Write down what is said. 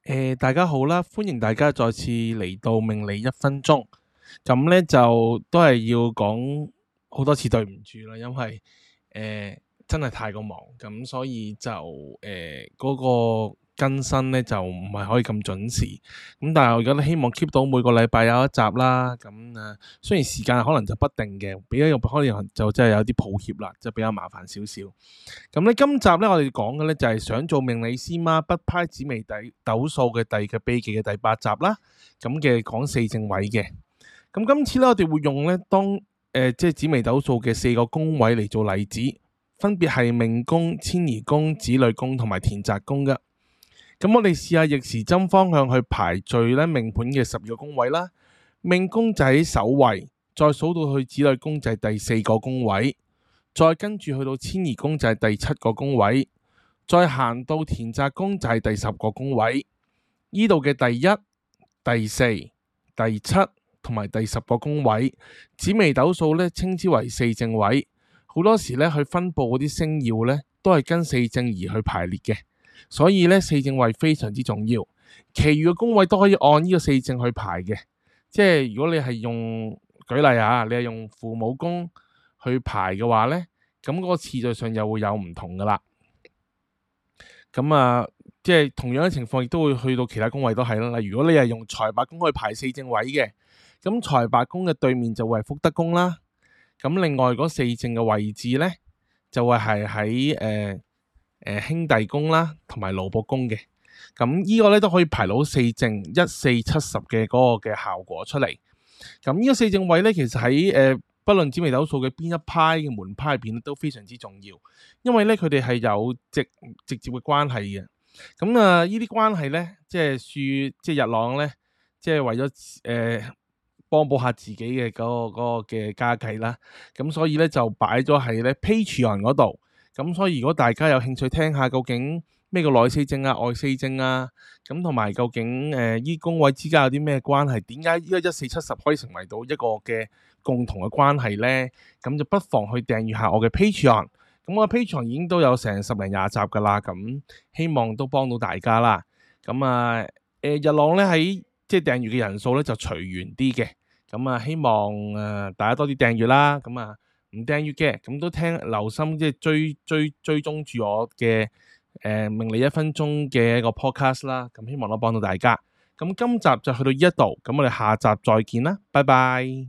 誒、呃，大家好啦，歡迎大家再次嚟到命理一分鐘。咁咧就都係要講好多次對唔住啦，因為誒、呃、真係太過忙，咁所以就誒嗰、呃嗰個。更新咧就唔係可以咁準時咁，但係我而家都希望 keep 到每個禮拜有一集啦。咁啊，雖然時間可能就不定嘅，比較有可能就真係有啲抱歉啦，就比較麻煩少少。咁咧，今集咧我哋講嘅咧就係想做命理師嗎？北派紫微底斗數嘅第二個秘技嘅第八集啦。咁嘅講四正位嘅，咁今次咧我哋會用咧當誒、呃、即係紫微斗數嘅四個宮位嚟做例子，分別係命宮、遷移宮、子女宮同埋田宅宮嘅。咁我哋試下逆時針方向去排序咧命盤嘅十二個宮位啦。命宮就係首位，再數到去子女宮就係第四個宮位，再跟住去到遷移宮就係第七個宮位，再行到田宅宮就係第十個宮位。呢度嘅第一、第四、第七同埋第十個宮位，紫微斗數咧稱之為四正位，好多時咧去分布嗰啲星曜咧都係跟四正而去排列嘅。所以咧，四正位非常之重要，其餘嘅宮位都可以按呢個四正去排嘅。即係如果你係用，舉例吓，你係用父母宮去排嘅話咧，咁嗰個次序上又會有唔同噶啦。咁啊，即係同樣嘅情況，亦都會去到其他宮位都係啦。嗱，如果你係用財帛宮去排四正位嘅，咁財帛宮嘅對面就會係福德宮啦。咁另外嗰四正嘅位置咧，就會係喺誒。呃誒、啊、兄弟宮啦，同埋盧博宮嘅，咁、啊這個、呢個咧都可以排到四正一四七十嘅嗰個嘅效果出嚟。咁、啊、呢、這個四正位咧，其實喺誒、呃，不論紫微斗數嘅邊一派嘅門派入邊都非常之重要，因為咧佢哋係有直直接嘅關係嘅。咁啊，依啲關係咧，即係樹，即係日朗咧，即係為咗誒幫補下自己嘅嗰、那個嘅、那個、家計啦。咁、啊啊、所以咧就擺咗喺咧 Patreon 嗰度。咁所以如果大家有興趣聽下，究竟咩叫內四正啊、外四正啊，咁同埋究竟誒依、呃、宮位之間有啲咩關係？點解依家一四七十可以成為到一個嘅共同嘅關係咧？咁就不妨去訂閲下我嘅 Patreon。咁我嘅 Patreon 已經都有成十零廿集噶啦，咁希望都幫到大家啦。咁啊誒、呃、日朗咧喺即係訂閲嘅人數咧就隨緣啲嘅。咁啊希望啊、呃、大家多啲訂閲啦。咁啊～唔 t h a n 咁都聽留心即係追追追蹤住我嘅誒命理一分鐘嘅一個 podcast 啦，咁希望我幫到大家。咁今集就去到呢一度，咁我哋下集再見啦，拜拜。